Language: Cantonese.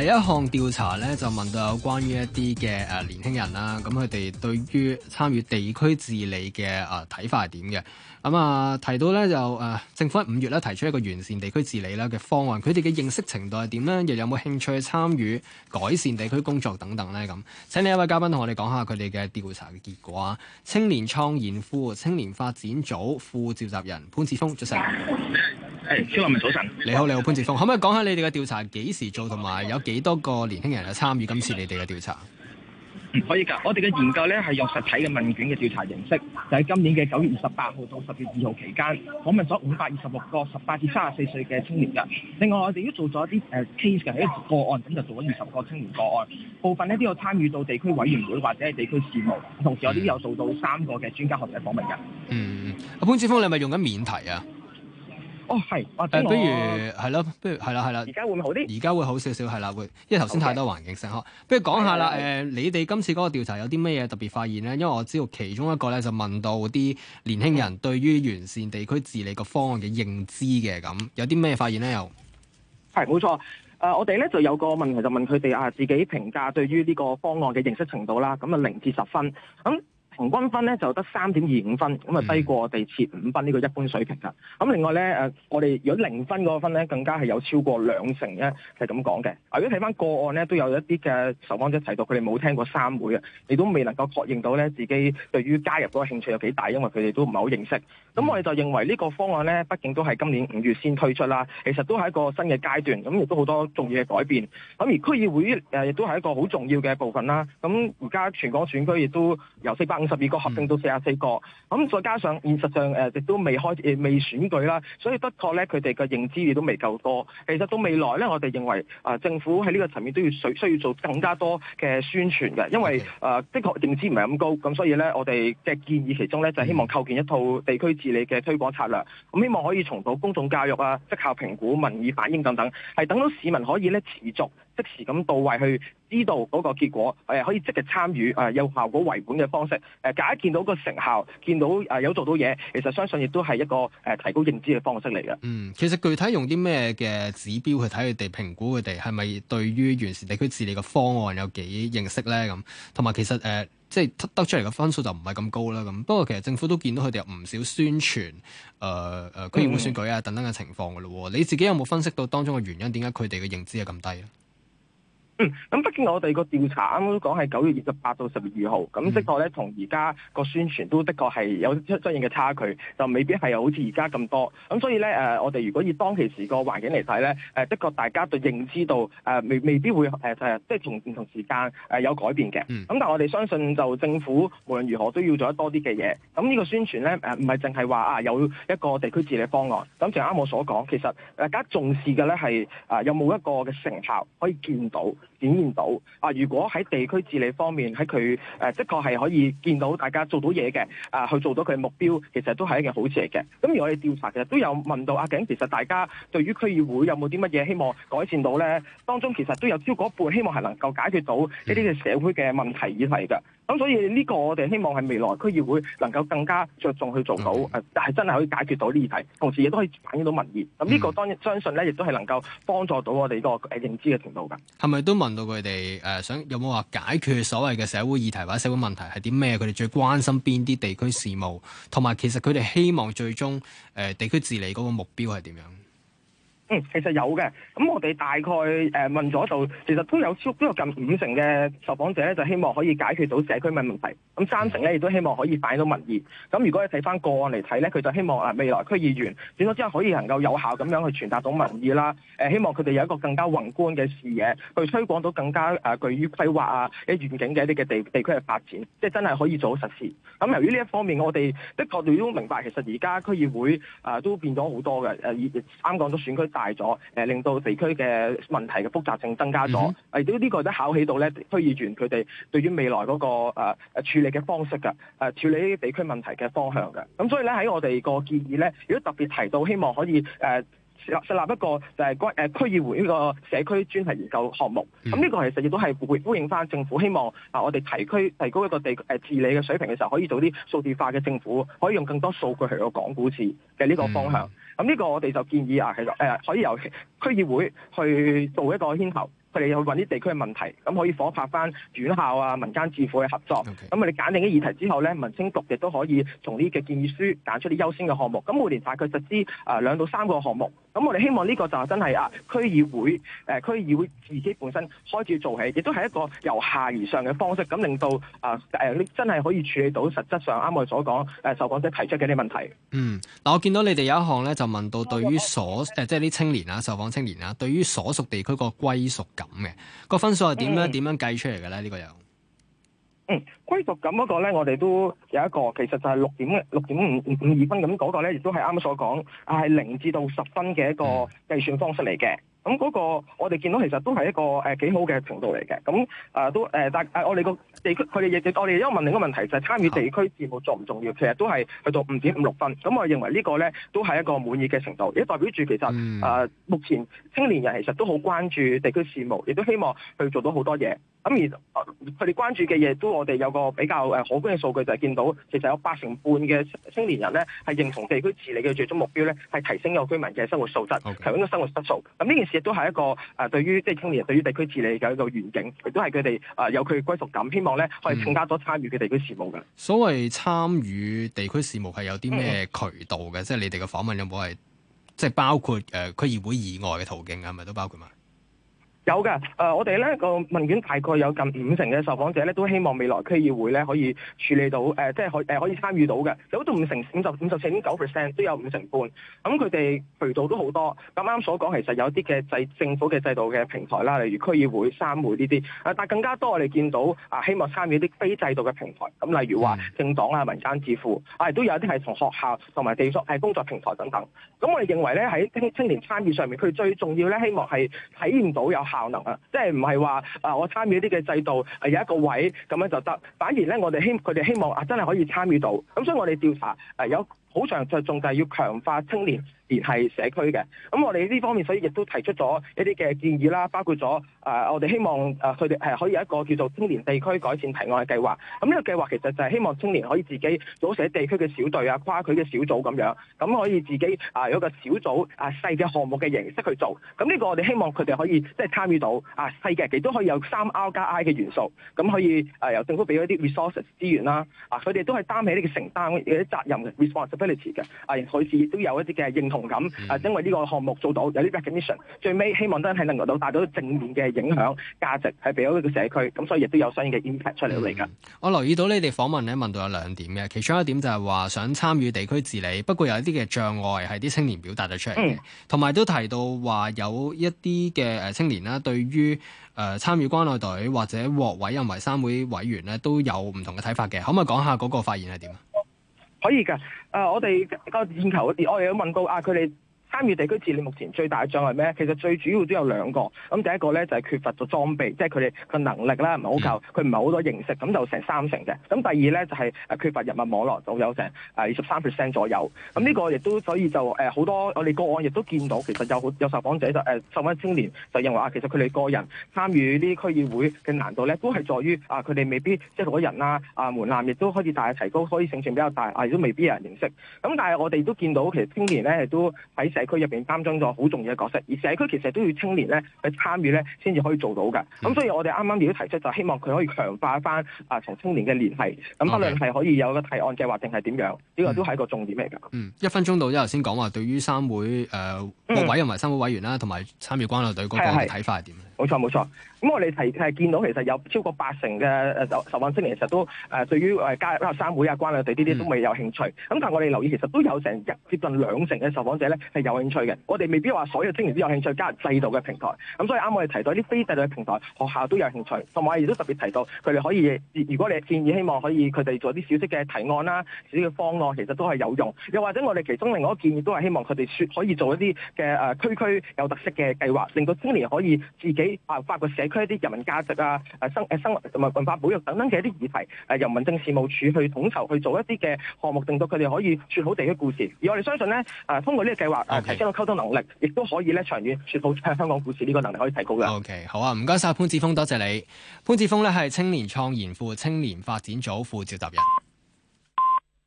第一項調查咧就問到有關於一啲嘅、啊、年輕人啦，咁佢哋對於參與地區治理嘅、啊、睇法係點嘅？咁啊提到咧就、啊、政府喺五月咧提出一個完善地區治理啦嘅方案，佢哋嘅認識程度係點咧？又有冇興趣去參與改善地區工作等等咧？咁、啊、請呢一位嘉賓同我哋講下佢哋嘅調查嘅結果啊！青年創研庫青年發展組副召集人潘子鋒出席係，超、hey, 文明早晨。你好，你好潘志峰，可唔可以講下你哋嘅調查幾時做，同埋有幾多個年輕人啊參與今次你哋嘅調查？唔、嗯、可以噶，我哋嘅研究咧係用實體嘅問卷嘅調查形式，就喺今年嘅九月二十八號到十月二號期間訪問咗五百二十六個十八至三十四歲嘅青年噶。另外我哋都做咗一啲誒 case 嘅，喺個案咁、就是、就做咗二十個青年個案，部分呢都有參與到地區委員會或者係地區事務。同時我哋都有做到三個嘅專家學者訪問噶。嗯，阿潘子鋒，你係咪用緊免提啊？哦，係誒，不如係咯，不如係啦，係啦，而家會唔會好啲？而家會好少少係啦，會，因為頭先太多環境聲。好，不如講下啦，誒，呃、你哋今次嗰個調查有啲咩嘢特別發現咧？因為我知道其中一個咧就問到啲年輕人對於完善地區治理個方案嘅認知嘅咁，有啲咩發現咧？又係冇錯，誒、呃，我哋咧就有個問題就問佢哋啊，自己評價對於呢個方案嘅認識程度啦，咁啊零至十分咁。平均分咧就得三點二五分，咁啊低過地哋設五分呢個一般水平噶。咁另外咧，我哋如果零分嗰個分咧，更加係有超過兩成咧係咁講嘅。啊，如果睇翻個案咧，都有一啲嘅受訪者提到佢哋冇聽過三會啊，亦都未能夠確認到咧自己對於加入嗰個興趣有幾大，因為佢哋都唔係好認識。咁我哋就認為呢個方案咧，畢竟都係今年五月先推出啦，其實都係一個新嘅階段，咁亦都好多重要嘅改變。咁而區議會誒亦都係一個好重要嘅部分啦。咁而家全港選區亦都由十二個合併到四十四個，咁、嗯、再加上現實上誒亦、呃、都未開、呃、未選舉啦，所以的確呢他們的確咧佢哋嘅認知亦都未夠多。其實到未來咧，我哋認為啊、呃，政府喺呢個層面都要需需要做更加多嘅宣傳嘅，因為啊 Okay.、呃、的確認知唔係咁高，咁所以咧我哋嘅建議其中咧就係，希望構建一套地區治理嘅推廣策略，咁、嗯嗯、希望可以重到公眾教育啊、績效評估、民意反應等等，係等到市民可以咧持續。即時咁到位去知道嗰個結果，誒、呃、可以積極參與，誒、呃、有效果為本嘅方式，誒、呃、假如見到個成效，見到誒、呃、有做到嘢，其實相信亦都係一個誒、呃、提高認知嘅方式嚟嘅。嗯，其實具體用啲咩嘅指標去睇佢哋評估佢哋係咪對於完善地區治理嘅方案有幾認識呢？咁同埋其實誒、呃、即係得出嚟嘅分數就唔係咁高啦。咁不過其實政府都見到佢哋有唔少宣傳，誒、呃、誒區議會選舉啊等等嘅情況噶咯。嗯、你自己有冇分析到當中嘅原因？點解佢哋嘅認知係咁低啊？嗯，咁畢竟我哋個調查啱啱講係九月二十八到十月二號，咁、嗯、即係咧同而家個宣傳都的確係有出出現嘅差距，就未必係好似而家咁多。咁所以咧誒，我、呃、哋如果以當其時個環境嚟睇咧，誒、呃、的確大家對認知道誒未未必會誒、呃、即係從唔同時間誒、呃、有改變嘅。咁、嗯、但係我哋相信就政府無論如何都要做得多啲嘅嘢。咁呢個宣傳咧唔係淨係話啊有一個地區治理方案。咁就啱我所講，其實大家重視嘅咧係有冇一個嘅成效可以見到。展現到啊！如果喺地區治理方面，喺佢誒的確係可以見到大家做到嘢嘅、呃，去做到佢目標，其實都係一件好事嚟嘅。咁而我哋調查其實都有問到啊，其實大家對於區議會有冇啲乜嘢希望改善到呢？當中其實都有超過一半希望係能夠解決到一啲嘅社會嘅問題以嚟嘅。咁所以呢個我哋希望係未來區議會能夠更加着重去做到，嗯、但係真係可以解決到呢啲問題，同時亦都可以反映到民意。咁呢、嗯、個當然相信咧，亦都係能夠幫助到我哋呢個認知嘅程度噶，係咪都問到佢哋誒想有冇話解決所謂嘅社會議題或者社會問題係啲咩？佢哋最關心邊啲地區事務，同埋其實佢哋希望最終誒、呃、地區治理嗰個目標係點樣。嗯，其實有嘅，咁我哋大概誒、呃、問咗就，其實都有超都有近五成嘅受訪者咧，就希望可以解決到社區問問題。咁三成咧亦都希望可以反映到民意。咁如果你睇翻個案嚟睇咧，佢就希望啊未來區議員選咗之後，可以能夠有效咁樣去傳達到民意啦。呃、希望佢哋有一個更加宏觀嘅視野，去推廣到更加誒、呃、具於規劃啊啲願景嘅一啲嘅地地區嘅發展，即係真係可以做好實施。咁由於呢一方面，我哋的確都都明白，其實而家區議會啊、呃、都變咗好多嘅。誒、呃，啱講咗選區。大咗，誒，令到地區嘅問題嘅複雜性增加咗，誒、嗯哼，都呢個都考起到咧區議員佢哋對於未來嗰、那個誒誒、呃、處理嘅方式嘅，誒、呃、處理地區問題嘅方向嘅，咁、嗯、所以咧喺我哋個建議咧，如果特別提到希望可以誒、呃設立一個就區議會呢個社區專題研究項目，咁呢個其實亦都係會呼應翻政府希望啊，我哋提提高一個地治理嘅水平嘅時候，可以做啲數字化嘅政府，可以用更多數據去到講故事嘅呢個方向。咁呢個我哋就建議啊，其實可以由區議會去做一個牽頭。佢哋去揾啲地區嘅問題，咁可以夥拍返院校啊、民間智庫嘅合作。咁 Okay. 我哋揀定啲議題之後咧，民青局亦都可以從呢嘅建議書揀出啲優先嘅項目。咁每年大概實施啊兩到三個項目。咁我哋希望呢個就係真係啊區議會誒區議會自己本身開始做起，亦都係一個由下而上嘅方式，咁令到啊誒、呃、真係可以處理到實質上啱我哋所講誒受訪者提出嘅啲問題。嗯，嗱我見到你哋有一項咧，就問到對於所誒、嗯、即係啲青年啊，受訪青年啊，對於所屬地區個歸屬感。咁嘅個分數係點樣？點、嗯、點樣計出嚟嘅咧？呢個嗯、個呢個又嗯歸屬感嗰個咧，我哋都有一個，其實就係六點嘅六點五五五二分咁嗰個咧，亦都係啱啱所講，係零至到十分嘅一個計算方式嚟嘅。嗯咁嗰個我哋見到其實都係一個、呃、幾好嘅程度嚟嘅，咁、呃、都、呃、但、呃、我哋個地區佢哋亦，我哋因為問另一個問題就係參與地區事務重唔重要，其實都係去到五點五六分，咁我認為個呢個咧都係一個滿意嘅程度，亦都代表住其實、呃、目前青年人其實都好關注地區事務，亦都希望去做到好多嘢。咁而佢哋關注嘅嘢，都我哋有個比較誒可觀嘅數據，就係見到其實有八成半嘅青年人咧，係認同地區治理嘅最終目標咧，係提升個居民嘅生活素質，提升個生活質素。咁呢件事亦都係一個誒，對於即係青年人對於地區治理嘅一個願景，亦都係佢哋誒有佢嘅歸屬感，希望咧可以更加多參與嘅地區事務嘅。嗯、所謂參與地區事務係有啲咩渠道嘅？嗯、即係你哋嘅訪問有冇係即係包括誒區議會以外嘅途徑啊？係咪都包括埋？有㗎，誒、呃，我哋咧個問卷大概有近五成嘅受訪者咧都希望未來區議會咧可以處理到，誒、呃，即係可誒、呃、可以參與到嘅，有到五成、五十、五十四點九 percent，都有五成半。咁佢哋渠道都好多。咁啱所講，其實有啲嘅制政府嘅制度嘅平台啦，例如區議會、三會呢啲。啊、呃，但係更加多我哋見到啊，希望參與啲非制度嘅平台，咁、呃、例如話政黨啊、民間智庫啊，亦都有啲係從學校同埋地所係工作平台等等。咁我哋認為咧喺青青年參與上面，佢最重要咧希望係體驗到有效能啊，即係唔係話啊，我參與啲嘅制度係有一個位咁樣就得，反而咧我哋希佢哋希望啊，望真係可以參與到，咁所以我哋調查誒有。好重就重就係要強化青年聯繫社區嘅，咁我哋呢方面所以亦都提出咗一啲嘅建議啦，包括咗誒、啊、我哋希望誒佢哋係可以有一個叫做青年地區改善提案嘅計劃，咁呢個計劃其實就係希望青年可以自己組成地區嘅小隊啊、跨區嘅小組咁樣，咁可以自己啊有一個小組啊細嘅項目嘅形式去做，咁呢個我哋希望佢哋可以即係參與到啊細嘅，亦都可以有三 R 加 I 嘅元素，咁可以誒、啊、由政府俾一啲 resources 資源啦，啊佢、啊、哋都係擔起呢個承擔嘅責任 respon 支持嘅，啊、嗯，佢亦都有一啲嘅認同感，啊，想為呢個項目做到有啲 recognition，最尾希望真係能夠到帶到正面嘅影響價值，係俾咗呢個社區，咁所以亦都有相應嘅 impact 出嚟嚟嘅。我留意到你哋訪問咧，問到有兩點嘅，其中一點就係話想參與地區治理，不過有一啲嘅障礙係啲青年表達咗出嚟嘅，同埋都提到話有一啲嘅誒青年啦，對於誒參與關愛隊或者獲委任為三會委員咧，都有唔同嘅睇法嘅。可唔可以講下嗰個發現係點啊？可以噶，呃，我哋個研究，我哋有問過啊，佢哋。參與地區治理目前最大嘅障礙咩？其實最主要都有兩個，咁第一個咧就係、是、缺乏咗裝備，即係佢哋個能力啦，唔係好夠，佢唔係好多認識，咁就成三成嘅。咁第二咧就係、是、誒缺乏人脈網絡，就有成誒二十三 percent 左右。咁呢個亦都所以就誒好、呃、多我哋個案亦都見到，其實有好有受訪者就誒受訪青年就認為啊，其實佢哋個人參與呢啲區議會嘅難度咧，都係在於啊，佢哋未必即係嗰啲人啊啊門檻亦都開始大嘅提高，所以性情比較大啊，亦都未必有人認識。咁但係我哋都見到其實青年咧亦都喺社區入邊擔當咗好重要嘅角色，而社區其實都要青年咧去參與咧，先至可以做到嘅。咁、嗯、所以我哋啱啱亦都提出，就希望佢可以強化翻啊同青年嘅聯繫。咁，不論係可以有一個提案嘅話，定係點樣，呢個都係一個重點嚟㗎、嗯。嗯，一分鐘到，一頭先講話，對於三會誒、呃、委員同埋三會委員啦，同埋、嗯、參與關愛隊嗰個睇法係點？冇錯冇錯，咁、嗯、我哋提係、啊、見到其實有超過八成嘅、呃、受受訪青年，其實都誒、呃、對於誒加入學生會啊、關愛隊呢啲都未有興趣。咁、嗯、但我哋留意，其實都有成一接近兩成嘅受訪者咧係有興趣嘅。我哋未必話所有青年都有興趣加入制度嘅平台。咁、嗯、所以啱我哋提到啲非制度嘅平台，學校都有興趣，同埋亦都特別提到佢哋可以，如果你建議希望可以佢哋做啲小息嘅提案啦、啊、小嘅方案、啊，其實都係有用。又或者我哋其中另外一個建議都係希望佢哋說可以做一啲嘅區區有特色嘅計劃，令到青年可以自己。啊！發掘社區一啲人民價值啊，誒、啊、生誒、啊、生文化保育等等嘅一啲議題，誒、啊、由民政事務處去統籌去做一啲嘅項目，令到佢哋可以説好地區故事。而我哋相信咧，誒、啊、通過呢個計劃誒、啊、Okay. 提升個溝通能力，亦都可以咧長遠説好香港故事呢個能力可以提高嘅。O、okay. K，好啊，唔該晒。潘子鋒，多謝，謝你。潘子鋒咧係青年創研庫青年發展組副召集人。